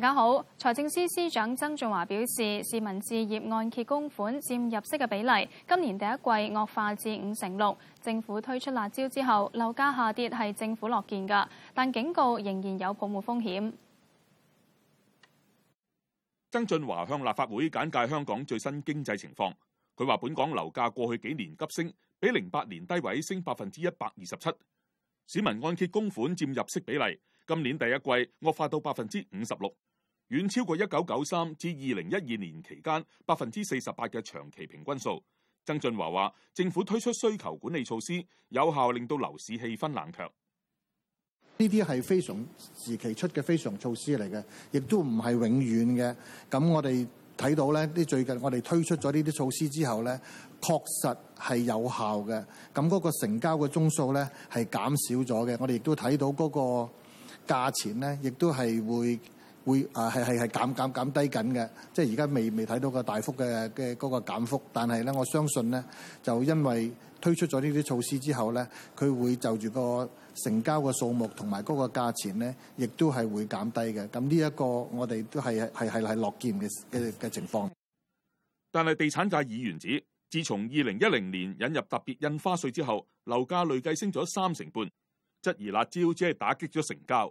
大家好，財政司司長曾俊華表示，市民置業按揭供款佔入息嘅比例，今年第一季惡化至五成六。政府推出辣椒之後，樓價下跌係政府樂見嘅，但警告仍然有泡沫風險。曾俊華向立法會簡介香港最新經濟情況，佢話：本港樓價過去幾年急升，比零八年低位升百分之一百二十七。市民按揭供款佔入息比例，今年第一季惡化到百分之五十六。遠超過一九九三至二零一二年期間百分之四十八嘅長期平均數。曾俊華話：政府推出需求管理措施，有效令到樓市氣氛冷卻。呢啲係非常時期出嘅非常措施嚟嘅，亦都唔係永遠嘅。咁我哋睇到咧，啲最近我哋推出咗呢啲措施之後咧，確實係有效嘅。咁嗰個成交嘅宗數咧係減少咗嘅。我哋亦都睇到嗰個價錢咧，亦都係會。會啊係係係減減減低緊嘅，即係而家未未睇到個大幅嘅嘅嗰個減幅，但係咧我相信咧，就因為推出咗呢啲措施之後咧，佢會就住個成交嘅數目同埋嗰個價錢咧，亦都係會減低嘅。咁呢一個我哋都係係係係落劍嘅嘅嘅情況。但係地產界議員指，自從二零一零年引入特別印花稅之後，樓價累計升咗三成半，質疑辣招只係打擊咗成交。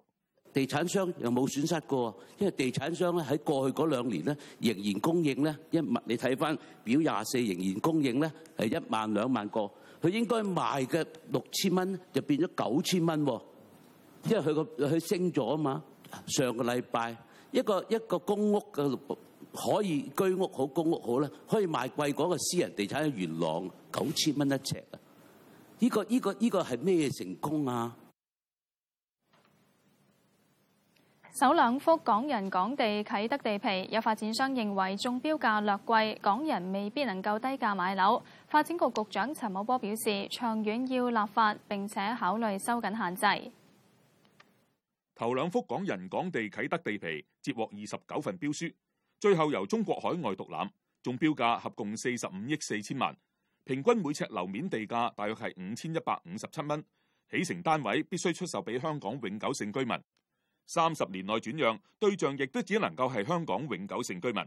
地產商又冇損失過，因為地產商咧喺過去嗰兩年咧仍然供應咧，一萬你睇翻表廿四仍然供應咧係一萬兩萬個，佢應該賣嘅六千蚊就變咗九千蚊，因為佢個佢升咗啊嘛。上個禮拜一個一個公屋嘅可以居屋好公屋好咧，可以賣貴嗰個私人地產嘅元朗九千蚊一尺啊！依、這個依、這個依、這個係咩成功啊？首兩幅港人港地啟德地皮，有發展商認為中標價略貴，港人未必能夠低價買樓。發展局局長陳茂波表示，長遠要立法並且考慮收緊限制。頭兩幅港人港地啟德地皮接獲二十九份標書，最後由中國海外獨攬，中標價合共四十五億四千萬，平均每尺樓面地價大約係五千一百五十七蚊，起承單位必須出售俾香港永久性居民。三十年內轉讓對象，亦都只能夠係香港永久性居民。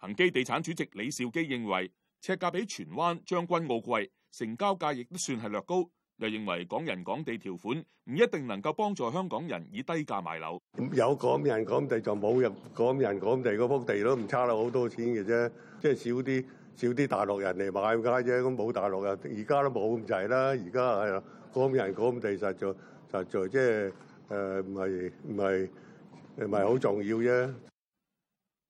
恆基地產主席李兆基認為，尺價比荃灣將軍澳貴，成交價亦都算係略高。又認為港人港地條款唔一定能夠幫助香港人以低價買樓。有港人港地就冇入港人港地嗰幅地都唔差咗好多錢嘅啫，即係少啲少啲大陸人嚟買嘅啫。咁冇大陸啊，而家都冇咁滯啦。而家係啊，港人港地實在實在即係。誒，唔係唔係唔係好重要啫。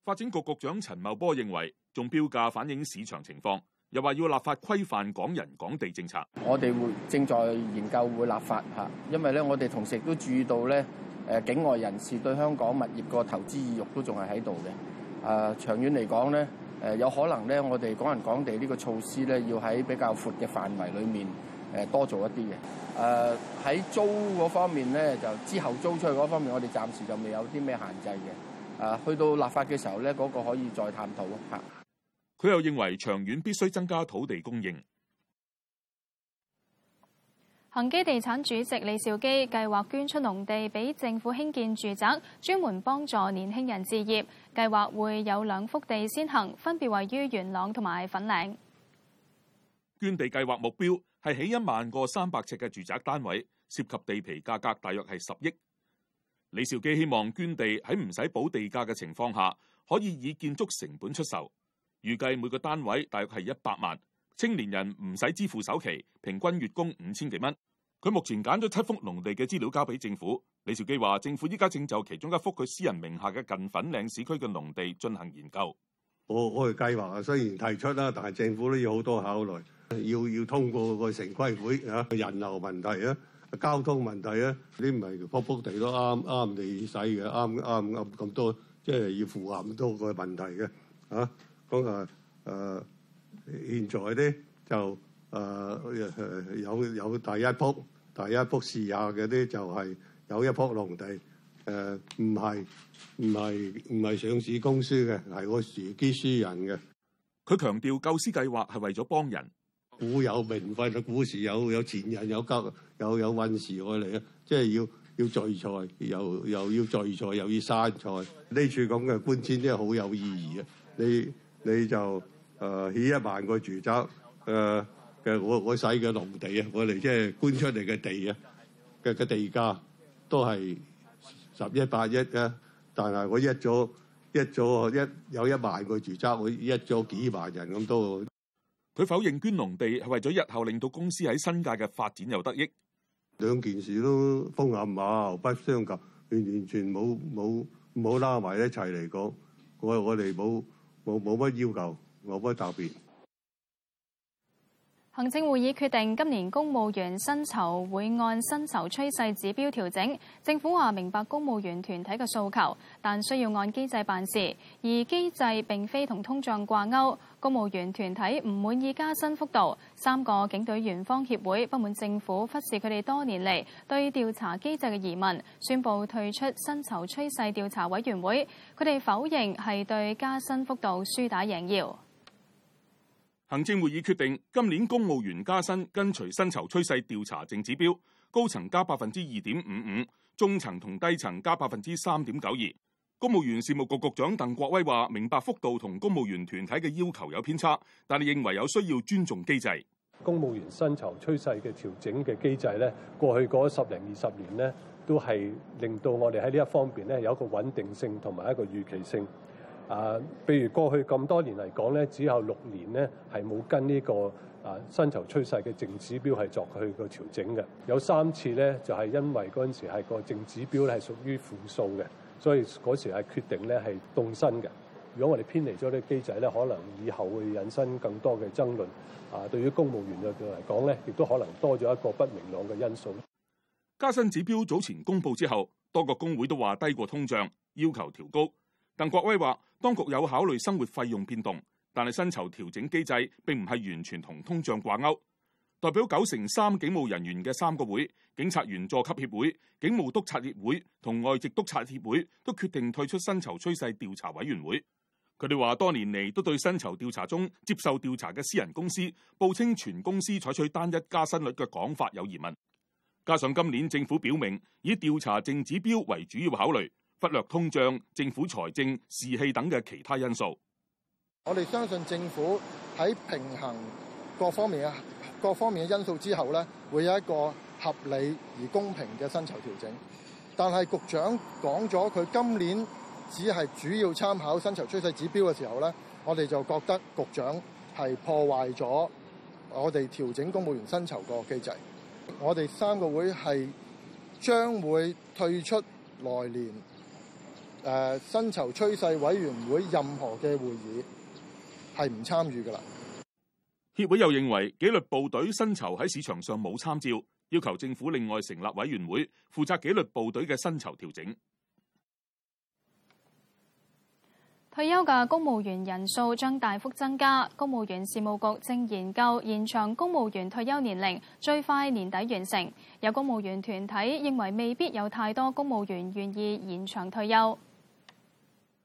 發展局局長陳茂波認為，仲標價反映市場情況，又話要立法規範港人港地政策。我哋會正在研究會立法嚇，因為咧我哋同時都注意到咧，誒境外人士對香港物業個投資意欲都仲係喺度嘅。啊，長遠嚟講咧，誒有可能咧，我哋港人港地呢個措施咧，要喺比較闊嘅範圍裡面。多做一啲嘅，喺、uh, 租嗰方面咧，就之後租出去嗰方面，我哋暫時就未有啲咩限制嘅。Uh, 去到立法嘅時候咧，嗰、嗰個可以再探討啊。佢又認為長遠必須增加土地供應。恒基地產主席李兆基計劃捐出農地俾政府興建住宅，專門幫助年輕人置業，計劃會有兩幅地先行，分別位於元朗同埋粉嶺。捐地計劃目標。係起一萬個三百尺嘅住宅單位，涉及地皮價格大約係十億。李兆基希望捐地喺唔使補地價嘅情況下，可以以建築成本出售，預計每個單位大約係一百萬。青年人唔使支付首期，平均月供五千幾蚊。佢目前揀咗七幅農地嘅資料交俾政府。李兆基話：政府依家正就其中一幅佢私人名下嘅近粉嶺市區嘅農地進行研究。我我哋計劃啊，雖然提出啦，但係政府都要好多考慮，要要通過個城規會嚇、啊、人流問題啊、交通問題啊，啲唔係卜卜地都啱啱地使嘅，啱啱啱咁多，即係要符合咁多個問題嘅嚇。咁啊誒、啊，現在咧就誒、啊、有有第一幅第一幅試下嘅咧就係有一幅農地。誒，唔係唔係唔係上市公司嘅，係我自己私人嘅。佢強調救市計劃係為咗幫人。古有明訓，古時有有前人有急，有有運勢我哋啊，即係要要聚財，又又要聚財，又要生財。呢 處咁嘅搬遷真係好有意義啊！你你就誒起、呃、一萬個住宅誒嘅我我使嘅農地啊，我哋即係搬出嚟嘅地啊嘅嘅地價都係。十一八一啊！但係我一早一早一有一萬個住宅，我一早幾萬人咁多。佢否認捐農地係為咗日後令到公司喺新界嘅發展又得益。兩件事都風馬牛不相及，完完全冇冇冇拉埋一齊嚟講，我我哋冇冇冇乜要求，我冇乜特別。行政會議決定今年公務員薪酬會按薪酬趨勢指標調整。政府話明白公務員團體嘅訴求，但需要按機制辦事，而機制並非同通脹掛鈎。公務員團體唔滿意加薪幅度，三個警隊員方協會不滿政府忽視佢哋多年嚟對調查機制嘅疑問，宣布退出薪酬趨勢調查委員會。佢哋否認係對加薪幅度輸打贏要。行政會議決定，今年公務員加薪跟隨薪酬趨勢調查淨指標，高層加百分之二點五五，中層同低層加百分之三點九二。公務員事務局局長鄧國威話：明白幅度同公務員團體嘅要求有偏差，但係認為有需要尊重機制。公務員薪酬趨勢嘅調整嘅機制咧，過去嗰十零二十年咧，都係令到我哋喺呢一方面咧有一個穩定性同埋一個預期性。啊！譬如過去咁多年嚟講咧，只有六年咧係冇跟呢、這個啊薪酬趨勢嘅淨指標係作去個調整嘅。有三次咧就係、是、因為嗰陣時係個淨指標咧係屬於負數嘅，所以嗰時係決定咧係凍薪嘅。如果我哋偏離咗啲機制咧，可能以後會引申更多嘅爭論。啊，對於公務員嚟講咧，亦都可能多咗一個不明朗嘅因素。加薪指標早前公布之後，多個工會都話低過通脹，要求調高。鄧國威話。當局有考慮生活費用變動，但係薪酬調整機制並唔係完全同通脹掛鈎。代表九成三警務人員嘅三個會，警察員佐級協會、警務督察協會同外籍督察協會都決定退出薪酬趨勢調查委員會。佢哋話多年嚟都對薪酬調查中接受調查嘅私人公司報稱全公司採取單一加薪率嘅講法有疑問。加上今年政府表明以調查正指標為主要考慮。忽略通脹、政府財政、士氣等嘅其他因素，我哋相信政府喺平衡各方面啊，各方面嘅因素之後呢，會有一個合理而公平嘅薪酬調整。但係局長講咗佢今年只係主要參考薪酬趨勢指標嘅時候呢，我哋就覺得局長係破壞咗我哋調整公務員薪酬個機制。我哋三個會係將會退出來年。誒，薪酬趨勢委員會任何嘅會議係唔參與㗎喇。協會又認為紀律部隊薪酬喺市場上冇參照，要求政府另外成立委員會負責紀律部隊嘅薪酬調整。退休嘅公務員人數將大幅增加，公務員事務局正研究延長公務員退休年齡，最快年底完成。有公務員團體認為未必有太多公務員願意延長退休。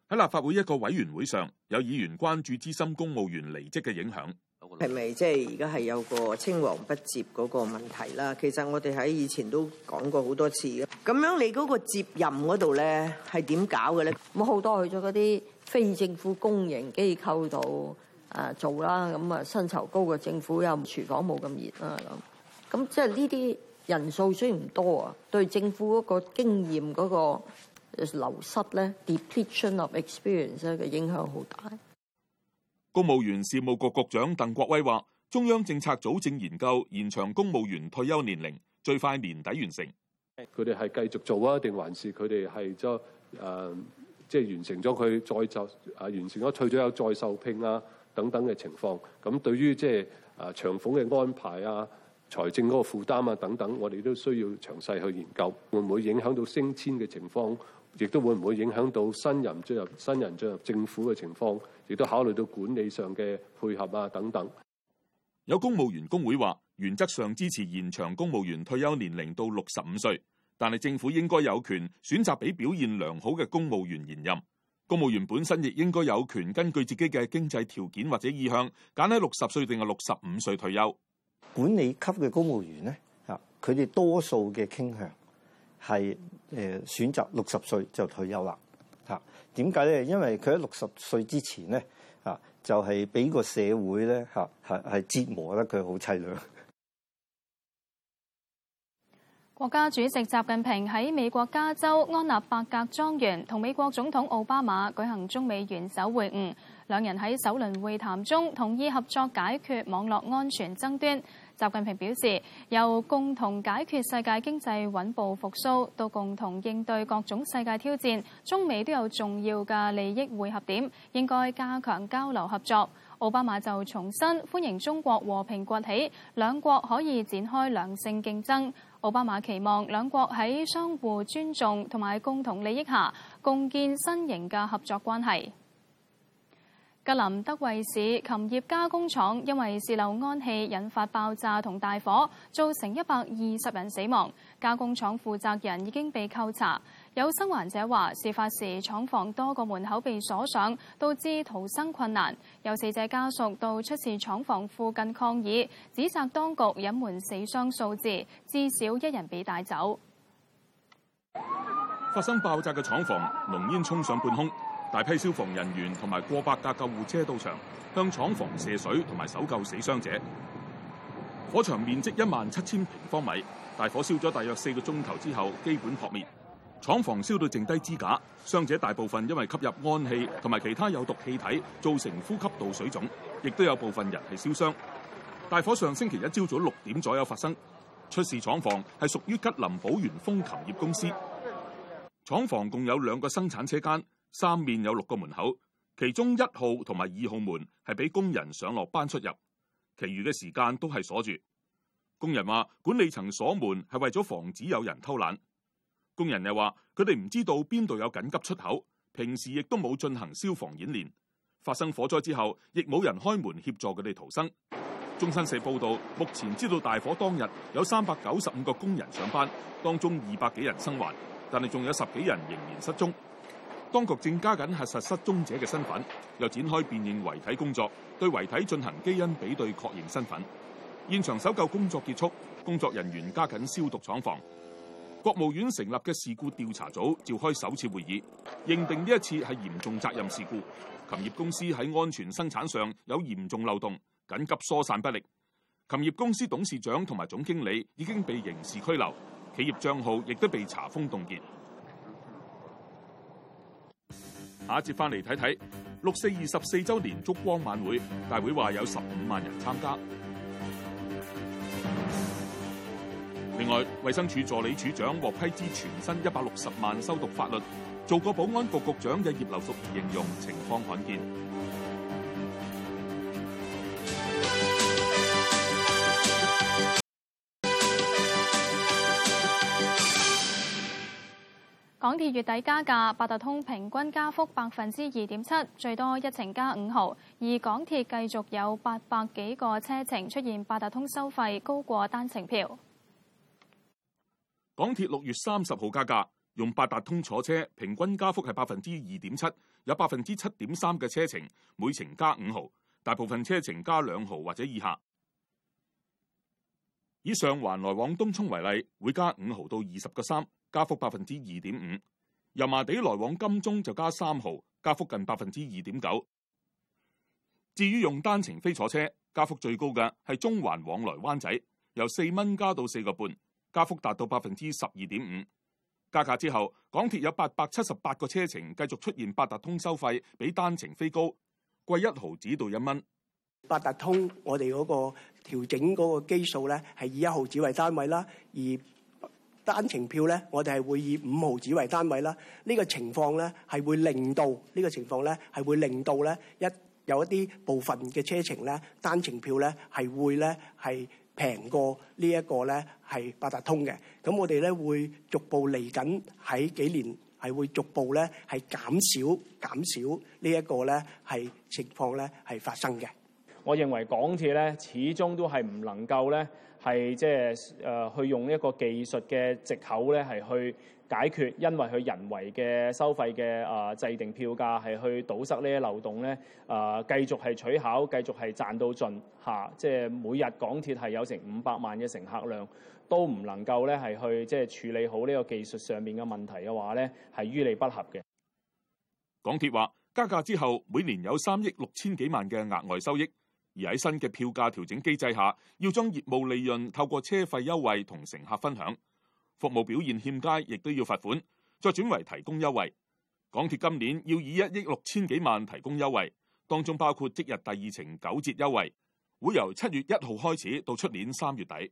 喺立法會一個委員會上，有議員關注資深公務員離職嘅影響，係咪即係而家係有個青黃不接嗰個問題啦？其實我哋喺以前都講過好多次嘅。咁樣你嗰個接任嗰度，咧係點搞嘅咧？冇好多去咗嗰啲非政府公營機構度誒做啦，咁、嗯、啊，薪酬高嘅政府又廚房冇咁熱啦咁。咁即係呢啲人數雖然唔多啊，對政府嗰個經驗嗰、嗰個。就流失咧，depletion of experience 嘅影響好大。公務員事務局局長鄧國威話，中央政策組正研究延長公務員退休年齡，最快年底完成。佢哋係繼續做啊，定還是佢哋係即誒，即、呃、係、就是、完成咗佢再就誒完成咗，退咗有再受聘啊等等嘅情況。咁對於即係誒長俸嘅安排啊、財政嗰個負擔啊等等，我哋都需要詳細去研究，會唔會影響到升遷嘅情況。亦都會唔會影響到新人進入新人進入政府嘅情況，亦都考慮到管理上嘅配合啊等等。有公務員工會話：原則上支持延長公務員退休年齡到六十五歲，但係政府應該有權選擇俾表現良好嘅公務員延任。公務員本身亦應該有權根據自己嘅經濟條件或者意向，揀喺六十歲定係六十五歲退休。管理級嘅公務員呢，啊，佢哋多數嘅傾向。係誒選擇六十歲就退休啦嚇？點解咧？因為佢喺六十歲之前呢，嚇，就係、係、俾個社會咧嚇係係折磨得佢好淒涼。國家主席習近平喺美國加州安納伯格莊園同美國總統奧巴馬舉行中美元首會晤，兩人喺首輪會談中同意合作解決網絡安全爭端。習近平表示，由共同解決世界經濟穩步復甦到共同應對各種世界挑戰，中美都有重要嘅利益匯合點，應該加強交流合作。奧巴馬就重申歡迎中國和平崛起，兩國可以展開良性競爭。奧巴馬期望兩國喺相互尊重同埋共同利益下，共建新型嘅合作關係。吉林德惠市禽業加工廠因為洩漏氨氣引發爆炸同大火，造成一百二十人死亡。加工廠負責人已經被扣查。有生還者話，事發時廠房多個門口被鎖上，導致逃生困難。有死者家屬到出事廠房附近抗議，指責當局隱瞞死傷數字，至少一人被帶走。發生爆炸嘅廠房，濃煙沖上半空。大批消防人員同埋過百架救護車到場，向廠房射水同埋搜救死傷者。火場面積一萬七千平方米，大火燒咗大約四個鐘頭之後基本撲滅。廠房燒到剩低支架，傷者大部分因為吸入氨氣同埋其他有毒氣體造成呼吸道水腫，亦都有部分人係燒傷。大火上星期一朝早六點左右發生，出事廠房係屬於吉林保源風琴業寶源豐禽業公司。廠房共有兩個生產車間。三面有六個門口，其中一號同埋二號門係俾工人上落班出入，其餘嘅時間都係鎖住。工人話：管理層鎖門係為咗防止有人偷懶。工人又話：佢哋唔知道邊度有緊急出口，平時亦都冇進行消防演練。發生火災之後，亦冇人開門協助佢哋逃生。中新社報道：目前知道大火當日有三百九十五個工人上班，當中二百幾人生還，但係仲有十幾人仍然失蹤。當局正加緊核實失蹤者嘅身份，又展開辨認遺體工作，對遺體進行基因比對確認身份。現場搜救工作結束，工作人員加緊消毒廠房。國務院成立嘅事故調查組召開首次會議，認定呢一次係嚴重責任事故。禽業公司喺安全生產上有嚴重漏洞，緊急疏散不力。禽業公司董事長同埋總經理已經被刑事拘留，企業賬號亦都被查封凍結。下一節翻嚟睇睇六四二十四周年燭光晚會，大會話有十五萬人參加。另外，衛生署助理署長獲批資全薪一百六十萬修讀法律，做過保安局局長嘅葉劉淑儀形容情況罕見。港鐵月底加價，八達通平均加幅百分之二點七，最多一程加五毫。而港鐵繼續有八百幾個車程出現八達通收費高過單程票。港鐵六月三十號加價，用八達通坐車平均加幅係百分之二點七，有百分之七點三嘅車程每程加五毫，大部分車程加兩毫或者以下。以上環來往東涌為例，會加五毫到二十個三。加幅百分之二點五，油麻地來往金鐘就加三毫，加幅近百分之二點九。至於用單程飛坐車，加幅最高嘅係中環往來灣仔，由四蚊加到四個半，加幅達到百分之十二點五。加價之後，港鐵有八百七十八個車程繼續出現八達通收費比單程飛高，貴一毫紙到一蚊。八達通我哋嗰個調整嗰個基數咧，係以一毫紙為單位啦，而單程票咧，我哋係會以五毫紙為單位啦。呢個情況咧，係會令到呢個情況咧，係會令到咧一有一啲部分嘅車程咧，單程票咧係會咧係平過呢一個咧係八達通嘅。咁我哋咧會逐步嚟緊喺幾年係會逐步咧係減少減少呢一個咧係情況咧係發生嘅。我認為港鐵咧始終都係唔能夠咧。係即係誒，去用一個技術嘅藉口咧，係去解決，因為佢人為嘅收費嘅啊，制定票價係去堵塞呢啲漏洞咧啊，繼續係取巧，繼續係賺到盡嚇。即係每日港鐵係有成五百萬嘅乘客量，都唔能夠咧係去即係處理好呢個技術上面嘅問題嘅話咧，係於理不合嘅。港鐵話加價之後，每年有三億六千幾萬嘅額外收益。而喺新嘅票價調整機制下，要將業務利潤透過車費優惠同乘客分享，服務表現欠佳亦都要罰款，再轉為提供優惠。港鐵今年要以一億六千幾萬提供優惠，當中包括即日第二程九折優惠，會由七月一號開始到出年三月底。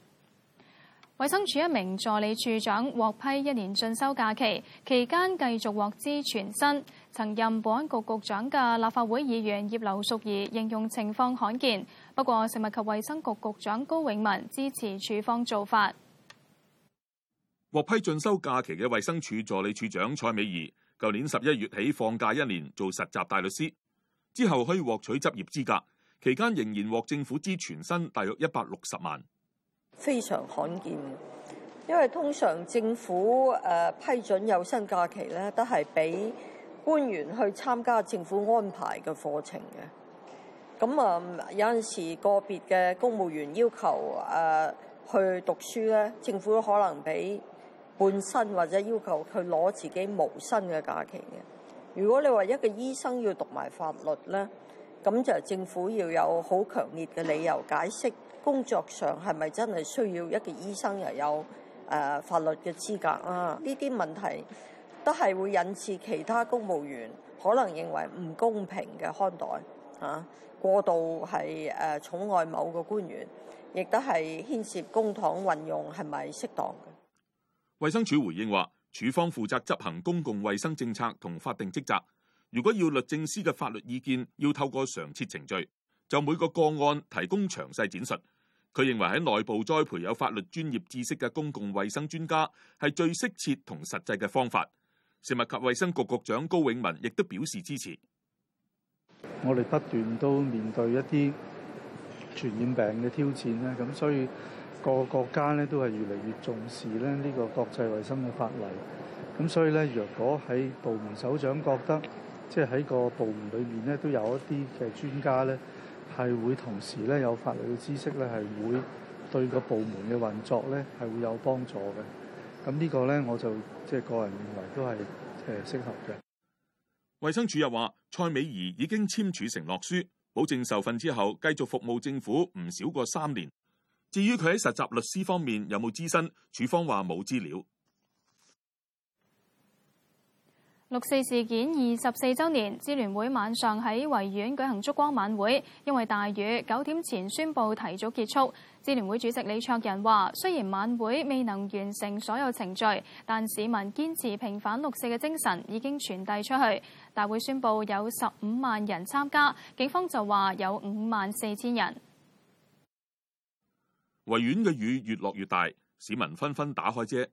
衛生署一名助理署長獲批一年進修假期，期間繼續獲支全薪。曾任保安局局長嘅立法會議員葉劉淑儀形容情況罕見，不過食物及衛生局局長高永文支持處方做法。獲批進修假期嘅衛生署助理署長蔡美儀，舊年十一月起放假一年做實習大律師，之後可以獲取執業資格，期間仍然獲政府支全薪，大約一百六十萬。非常罕見，因為通常政府誒批准有薪假期咧，都係俾官員去參加政府安排嘅課程嘅。咁啊，有陣時個別嘅公務員要求誒去讀書咧，政府都可能俾半薪或者要求佢攞自己無薪嘅假期嘅。如果你話一個醫生要讀埋法律咧，咁就政府要有好強烈嘅理由解釋。工作上係咪真係需要一個醫生又有誒法律嘅資格啊？呢啲問題都係會引致其他公務員可能認為唔公平嘅看待啊，過度係誒寵愛某個官員，亦都係牽涉公帑運用係咪適當？衛生署回應話，署方負責執行公共衛生政策同法定職責。如果要律政司嘅法律意見，要透過常設程序，就每個個案提供詳細展述。佢認為喺內部栽培有法律專業知識嘅公共衛生專家係最適切同實際嘅方法。食物及衛生局局長高永文亦都表示支持。我哋不斷都面對一啲傳染病嘅挑戰咧，咁所以各個國家咧都係越嚟越重視咧呢個國際衞生嘅法例。咁所以咧，若果喺部門首長覺得，即係喺個部門裏面咧都有一啲嘅專家咧。係會同時咧有法律嘅知識咧，係會對個部門嘅運作咧係會有幫助嘅。咁呢個咧我就即係個人認為都係誒適合嘅。衛生署又話，蔡美儀已經簽署承諾書，保證受訓之後繼續服務政府唔少過三年。至於佢喺實習律師方面有冇資深，署方話冇資料。六四事件二十四周年，支聯會晚上喺維園舉行燭光晚會，因為大雨，九點前宣布提早結束。支聯會主席李卓人話，雖然晚會未能完成所有程序，但市民堅持平反六四嘅精神已經傳遞出去。大會宣布有十五萬人參加，警方就話有五萬四千人。維園嘅雨越落越大，市民紛紛打開遮。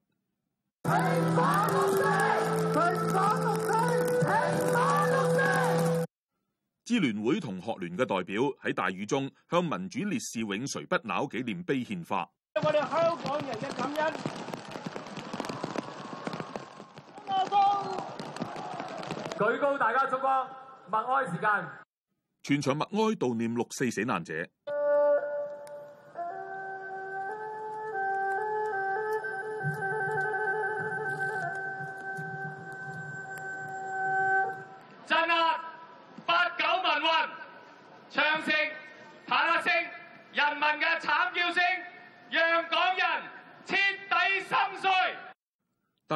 聯黨聯支聯會同學聯嘅代表喺大雨中向民主烈士永垂不朽紀念碑獻花。我哋香港人嘅感恩，阿舉高大家燭光，默哀時間，全場默哀悼念六四死難者。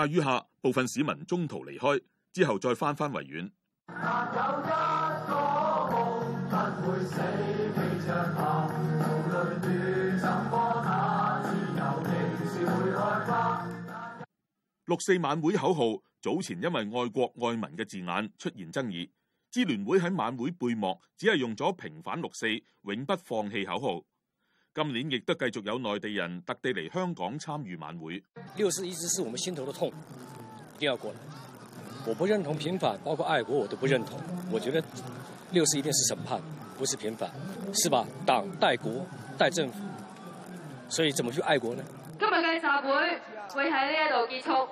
於下，下，部分市民中途離開，之後再翻返維園。六四晚會口號早前因為愛國愛民嘅字眼出現爭議，支聯會喺晚會背幕只係用咗平反六四，永不放棄口號。今年亦都繼續有內地人特地嚟香港參與晚會。六四一直是我們心頭的痛，一定要過嚟。我不認同平反，包括愛國我都不認同。我覺得六四一定是審判，不是平反，是吧？黨代國代政府，所以怎麼去愛國呢？今日嘅集會會喺呢一度結束。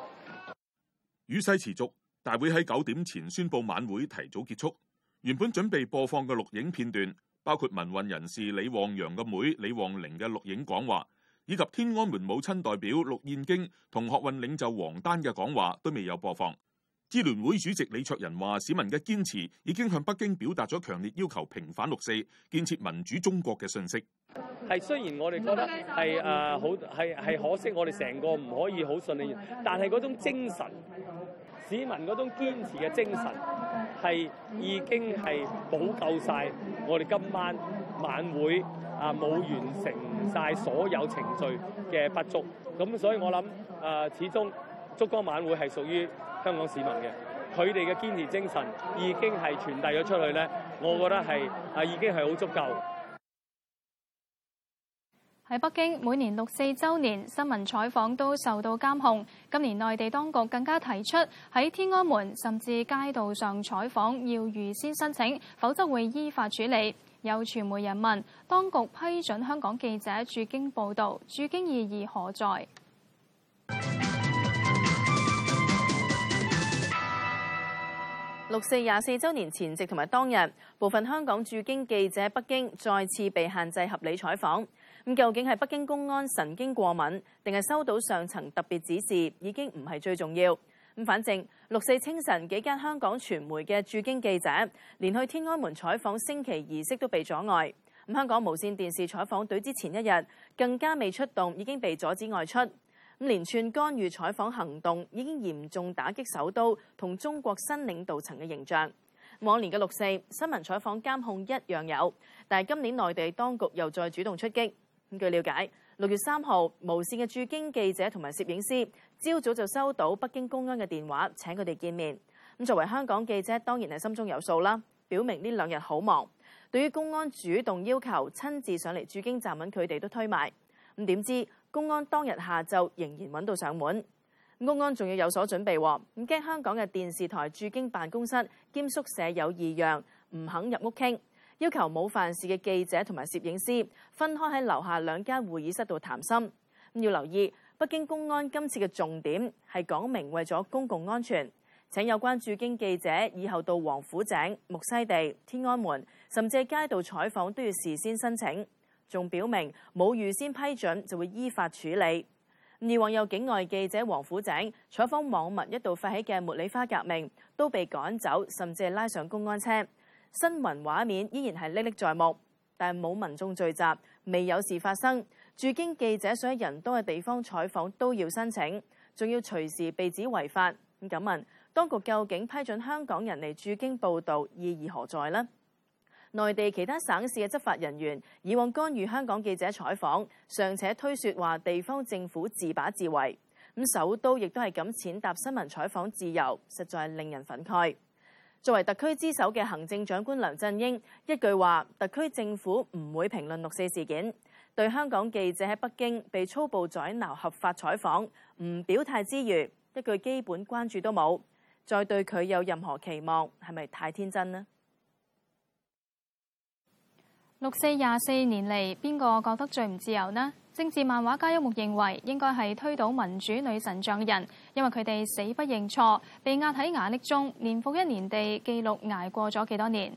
雨勢持續，大會喺九點前宣布晚會提早結束。原本準備播放嘅錄影片段。包括民運人士李旺陽嘅妹李旺玲嘅錄影講話，以及天安門母親代表陸燕京同學運領袖王丹嘅講話，都未有播放。支聯會主席李卓人話：市民嘅堅持已經向北京表達咗強烈要求平反六四、建設民主中國嘅信息。係雖然我哋覺得係誒好係係可惜，我哋成個唔可以好順利，但係嗰種精神，市民嗰種堅持嘅精神。係已經係補救晒我哋今晚晚會，啊冇完成晒所有程序嘅不足，咁所以我諗啊，始終燭光晚會係屬於香港市民嘅，佢哋嘅堅持精神已經係傳遞咗出去咧，我覺得係啊已經係好足夠。喺北京，每年六四周年，新聞採訪都受到監控。今年內地當局更加提出喺天安門甚至街道上採訪要預先申請，否則會依法處理。有傳媒人問當局批准香港記者駐京報道，駐京意義何在？六四廿四周年前夕同埋當日，部分香港駐京記者北京再次被限制合理採訪。究竟係北京公安神經過敏，定係收到上層特別指示，已經唔係最重要。咁反正六四清晨幾間香港傳媒嘅駐京記者連去天安門採訪升旗儀式都被阻礙。咁香港無線電視採訪隊之前一日更加未出動，已經被阻止外出。咁連串干預採訪行動已經嚴重打擊首都同中國新領導層嘅形象。往年嘅六四新聞採訪監控一樣有，但係今年內地當局又再主動出擊。據了解，六月三號，無線嘅駐京記者同埋攝影師，朝早就收到北京公安嘅電話，請佢哋見面。咁作為香港記者，當然係心中有數啦，表明呢兩日好忙。對於公安主動要求親自上嚟駐京站揾佢哋，都推埋。咁點知公安當日下晝仍然揾到上門。公安仲要有所準備，咁驚香港嘅電視台駐京辦公室兼宿舍有異樣，唔肯入屋傾。要求冇犯事嘅記者同埋攝影師分開喺樓下兩間會議室度談心。要留意，北京公安今次嘅重點係講明為咗公共安全，請有關駐京記者以後到王府井、木樨地、天安門甚至街道採訪都要事先申請，仲表明冇預先批准就會依法處理。以往有境外記者王府井採訪網民一度發起嘅茉莉花革命，都被趕走，甚至係拉上公安車。新聞畫面依然係歷歷在目，但冇民眾聚集，未有事發生。駐京記者想喺人多嘅地方採訪都要申請，仲要隨時被指違法。咁敢問，當局究竟批准香港人嚟駐京報導意義何在呢？內地其他省市嘅執法人員以往干預香港記者採訪，尚且推説話地方政府自把自為，咁首都亦都係咁踐踏新聞採訪自由，實在令人憤慨。作為特區之首嘅行政長官梁振英一句話，特區政府唔會評論六四事件。對香港記者喺北京被粗暴阻撓合法採訪，唔表態之餘，一句基本關注都冇，再對佢有任何期望，係咪太天真呢？六四廿四年嚟，邊個覺得最唔自由呢？政治漫畫家一木認為應該係推倒民主女神像嘅人，因為佢哋死不認錯，被壓喺瓦礫中，年復一年地記錄挨過咗幾多年。